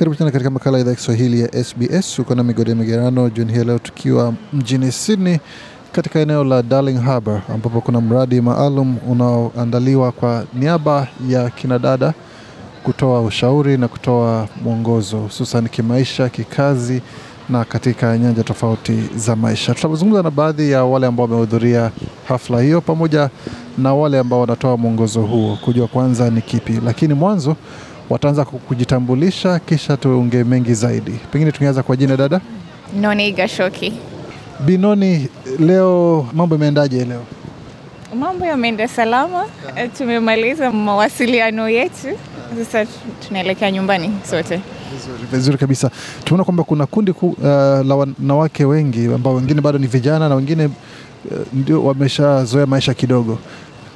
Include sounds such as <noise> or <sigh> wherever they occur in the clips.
Karibu tena katika makala ya idhaa ya Kiswahili ya SBS. Uko na ya Migerano jioni hii leo, tukiwa mjini Sydney katika eneo la Darling Harbour ambapo kuna mradi maalum unaoandaliwa kwa niaba ya kinadada kutoa ushauri na kutoa mwongozo hususan kimaisha, kikazi na katika nyanja tofauti za maisha. Tutazungumza na baadhi ya wale ambao wamehudhuria hafla hiyo pamoja na wale ambao wanatoa mwongozo huo kujua kwanza ni kipi, lakini mwanzo wataanza kujitambulisha, kisha tuongee mengi zaidi. Pengine tungeanza kwa jina, dada Noni Igashoki. Binoni, leo mambo imeendaje? Leo mambo yameenda salama, ah. tumemaliza mawasiliano yetu, sasa tunaelekea nyumbani sote. Vizuri, vizuri kabisa. Tumeona kwamba kuna kundi ku, uh, la wanawake wengi ambao wengine bado ni vijana na wengine uh, ndio wameshazoea maisha kidogo.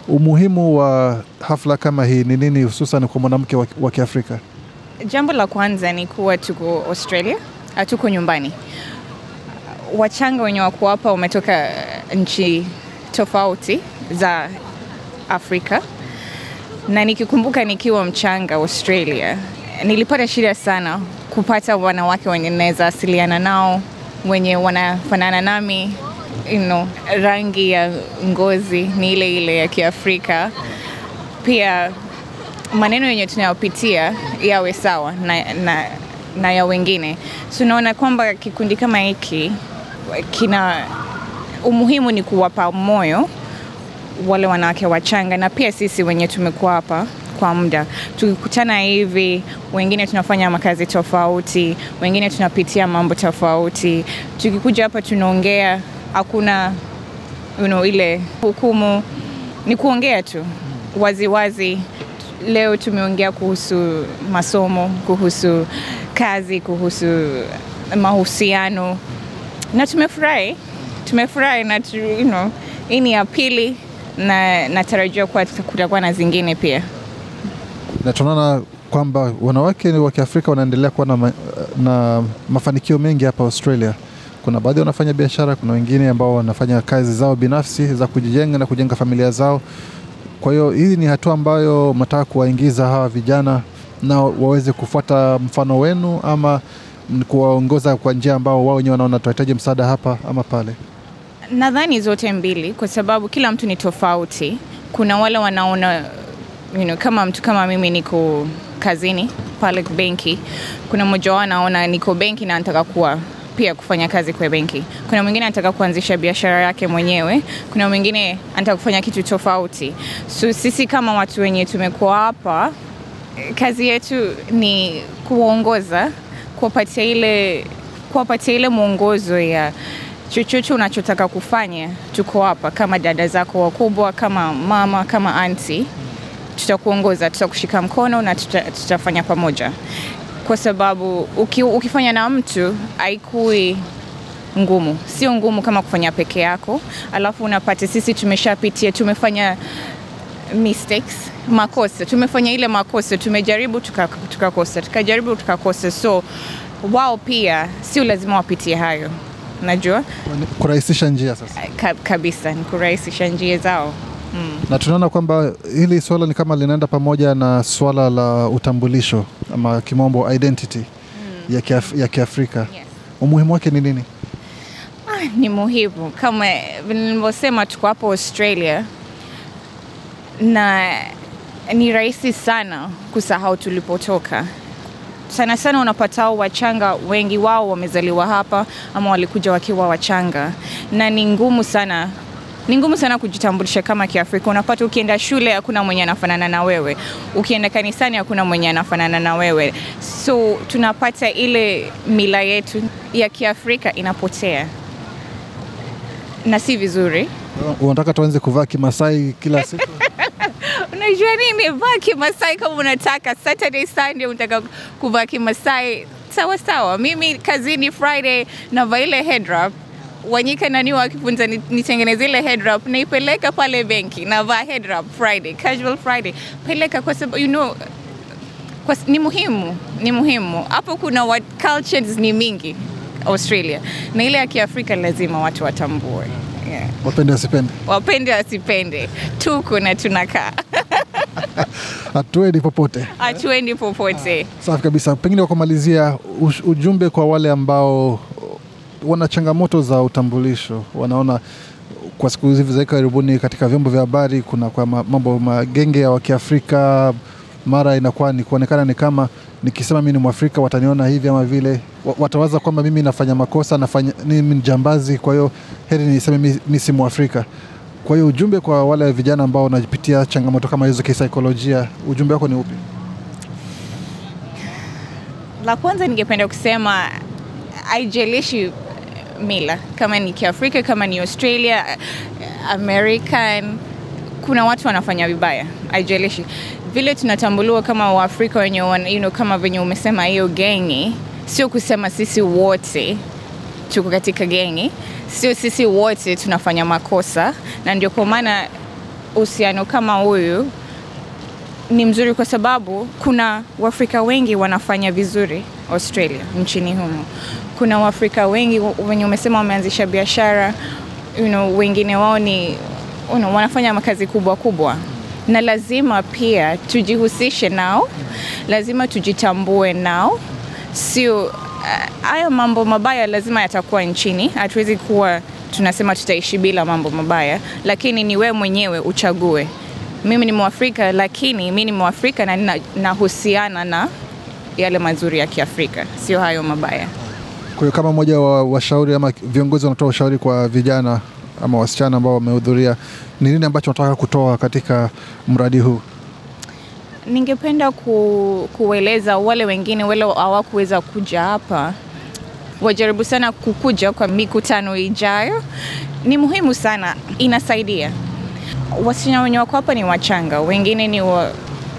Umuhimu wa hafla kama hii ni nini, hususan kwa mwanamke wa Kiafrika? Jambo la kwanza ni kuwa tuko Australia, hatuko nyumbani. Wachanga wenye wako hapa wametoka nchi tofauti za Afrika, na nikikumbuka nikiwa mchanga Australia nilipata shida sana kupata wanawake wenye naweza asiliana nao wenye wanafanana nami you know, rangi ya ngozi ni ile ile ya Kiafrika, pia maneno yenye tunayopitia yawe sawa na, na, na ya wengine. Tunaona kwamba kikundi kama hiki kina umuhimu ni kuwapa moyo wale wanawake wachanga na pia sisi wenye tumekuwa hapa kwa muda tukikutana hivi, wengine tunafanya makazi tofauti, wengine tunapitia mambo tofauti. Tukikuja hapa tunaongea hakuna you know, ile hukumu, ni kuongea tu waziwazi. Leo tumeongea kuhusu masomo, kuhusu kazi, kuhusu mahusiano na tumefurahi, tumefurahi na tu, you know, hii ni ya pili na natarajia kuwa kutakuwa na zingine pia, na tunaona kwamba wanawake wa Kiafrika wanaendelea kuwa na, ma, na mafanikio mengi hapa Australia. Kuna baadhi wanafanya biashara, kuna wengine ambao wanafanya kazi zao binafsi za kujijenga na kujenga familia zao. Kwa hiyo hii ni hatua ambayo mnataka kuwaingiza hawa vijana na waweze kufuata mfano wenu, ama kuwaongoza kwa njia ambao wao wenyewe wanaona tunahitaji msaada hapa ama pale? Nadhani zote mbili, kwa sababu kila mtu ni tofauti. Kuna wale wanaona you know, kama mtu kama mimi niko kazini pale benki, kuna mmoja wao anaona niko benki na nataka kuwa pia kufanya kazi kwa benki. Kuna mwingine anataka kuanzisha biashara yake mwenyewe, kuna mwingine anataka kufanya kitu tofauti. So sisi kama watu wenye tumekuwa hapa, kazi yetu ni kuongoza, kuwapatia ile kuwapatia ile mwongozo ya chochocho unachotaka kufanya. Tuko hapa kama dada zako wakubwa, kama mama, kama anti, tutakuongoza, tutakushika mkono na tuta, tutafanya pamoja kwa sababu uki, ukifanya na mtu haikui ngumu, sio ngumu kama kufanya peke yako. Alafu unapata sisi tumeshapitia, tumefanya mistakes, makosa, tumefanya ile makosa, tumejaribu tukakosa, tuka tukajaribu tukakosa, so wao pia sio lazima wapitie hayo. Najua kurahisisha njia sasa ka, kabisa ni kurahisisha njia zao mm. na tunaona kwamba hili swala ni kama linaenda pamoja na swala la utambulisho ama kimombo identity mm. ya, kiaf, ya Kiafrika yes. umuhimu wake ni nini? Ah, ni muhimu kama nilivyosema, tuko hapo Australia na ni rahisi sana kusahau tulipotoka. Sana sana unapatao wachanga wengi wao wamezaliwa hapa ama walikuja wakiwa wachanga, na ni ngumu sana ni ngumu sana kujitambulisha kama Kiafrika. Unapata ukienda shule hakuna mwenye anafanana na wewe, ukienda kanisani hakuna mwenye anafanana na wewe, so tunapata ile mila yetu ya Kiafrika inapotea na si vizuri. Unataka tuanze kuvaa kimasai kila siku? <laughs> Unajua nini, vaa kimasai kama unataka. Saturday Sunday unataka kuvaa kimasai, sawa sawa. Mimi kazini Friday navaa ile head wrap Wanyika nani wakifunza nitengeneze ile head wrap, naipeleka pale benki, navaa head wrap Friday, casual Friday, peleka kwa sababu you know kwa, ni muhimu, ni muhimu hapo. Kuna what cultures ni mingi Australia na ile ya Kiafrika lazima watu watambue, yeah. Wapende wasipende, wapende wasipende, tuko na tunakaa <laughs> hatuendi popote, hatuendi popote. Ah, safi kabisa, pengine kwa kumalizia, ujumbe kwa wale ambao wana changamoto za utambulisho, wanaona kwa siku hizi za karibuni katika vyombo vya habari kuna kwa mambo magenge ya Wakiafrika, mara inakuwa ni kuonekana ni kama nikisema mi ni Mwafrika wataniona hivi ama vile, watawaza kwamba mimi nafanya makosa, nafanya mimi ni jambazi, kwa hiyo heri niseme mi si Mwafrika. Kwa hiyo ujumbe kwa wale vijana ambao wanapitia changamoto kama hizo kisaikolojia, ujumbe wako ni upi? La kwanza ningependa kusema haijalishi mila, kama ni Kiafrika, kama ni Australia, American. Kuna watu wanafanya vibaya, haijalishi vile tunatambuliwa kama Waafrika wenye you know, kama venye umesema hiyo gengi, sio kusema sisi wote tuko katika gengi, sio sisi wote tunafanya makosa, na ndio kwa maana uhusiano kama huyu ni mzuri, kwa sababu kuna Waafrika wengi wanafanya vizuri Australia nchini humo. Kuna Waafrika wengi wenye umesema wameanzisha biashara you know, wengine wao ni you know, wanafanya makazi kubwa kubwa, na lazima pia tujihusishe nao, lazima tujitambue nao, sio eh, hayo mambo mabaya lazima yatakuwa nchini. Hatuwezi kuwa tunasema tutaishi bila mambo mabaya, lakini ni we mwenyewe uchague. Mimi ni Mwafrika, lakini mi ni Mwafrika na na, na yale mazuri ya Kiafrika, sio hayo mabaya. Kwa hiyo kama mmoja wa washauri ama viongozi wanatoa ushauri kwa vijana ama wasichana ambao wamehudhuria, ni nini ambacho wanataka kutoa katika mradi huu? Ningependa ku, kueleza wale wengine wale hawakuweza kuja hapa wajaribu sana kukuja kwa mikutano ijayo. Ni muhimu sana, inasaidia. Wasichana wenye wako hapa ni wachanga, wengine ni wa,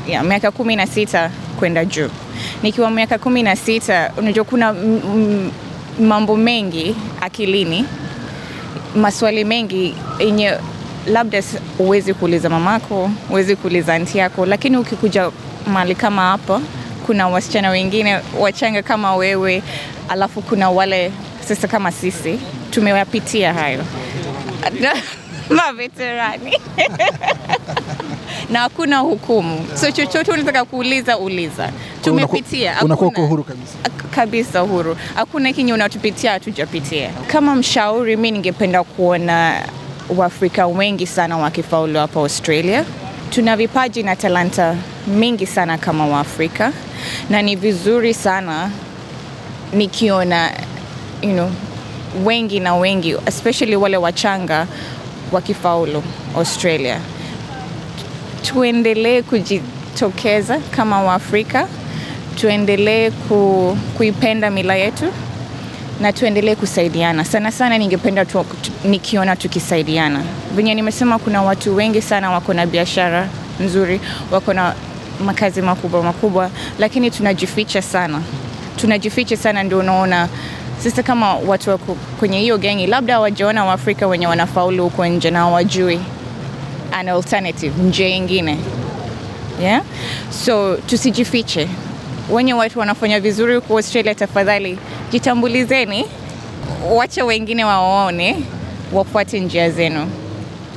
ya, miaka kumi na sita kwenda juu nikiwa miaka kumi na sita, unajua kuna mambo mengi akilini, maswali mengi yenye labda huwezi kuuliza mamako, huwezi kuuliza anti yako, lakini ukikuja mahali kama hapa, kuna wasichana wengine wachanga kama wewe, alafu kuna wale sasa kama sisi tumewapitia hayo <laughs> maveterani <laughs> na hakuna hukumu, so chochote unataka kuuliza uliza. Tumepitia, unakuwa uko huru kabisa kabisa, huru, hakuna kinye unatupitia hatujapitia. Kama mshauri, mi ningependa kuona Waafrika wengi sana wakifaulu hapa Australia. Tuna vipaji na talanta mingi sana kama Waafrika, na ni vizuri sana nikiona you know, wengi na wengi especially wale wachanga wakifaulu Australia tuendelee kujitokeza kama Waafrika, tuendelee ku, kuipenda mila yetu na tuendelee kusaidiana. Sana sana ningependa tu, nikiona tukisaidiana venye nimesema, kuna watu wengi sana wako na biashara nzuri, wako na makazi makubwa makubwa, lakini tunajificha sana, tunajificha sana, ndio unaona sasa kama watu wako kwenye hiyo gengi labda wajaona Waafrika wenye wanafaulu huko nje na wajui an alternative, njia ingine yeah? So tusijifiche, wenye watu wanafanya vizuri huko Australia, tafadhali jitambulizeni, wacha wengine waone, wafuate njia zenu.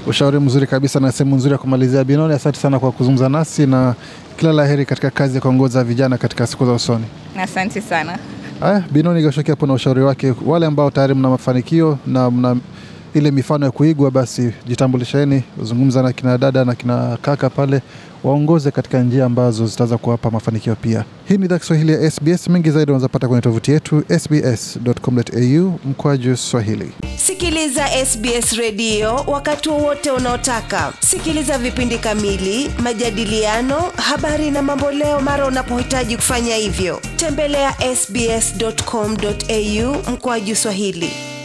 Ushauri mzuri kabisa na sehemu nzuri ya kumalizia. Binoni, asante sana kwa kuzungumza nasi na kila la heri katika kazi ya kuongoza vijana katika siku za usoni. Asante sana. Haya, Binoni Gashoki hapo na ushauri wake, wale ambao tayari mna mafanikio na mna ile mifano ya kuigwa, basi jitambulisheni, zungumza na kina dada na kina kaka pale, waongoze katika njia ambazo zitaweza kuwapa mafanikio pia. Hii ni idhaa Kiswahili ya SBS. Mengi zaidi unaweza pata kwenye tovuti yetu sbs.com.au mkwaju Swahili. Sikiliza SBS redio wakati wowote unaotaka. Sikiliza vipindi kamili, majadiliano, habari na mamboleo mara unapohitaji kufanya hivyo. Tembelea ya sbs.com.au mkwaju Swahili.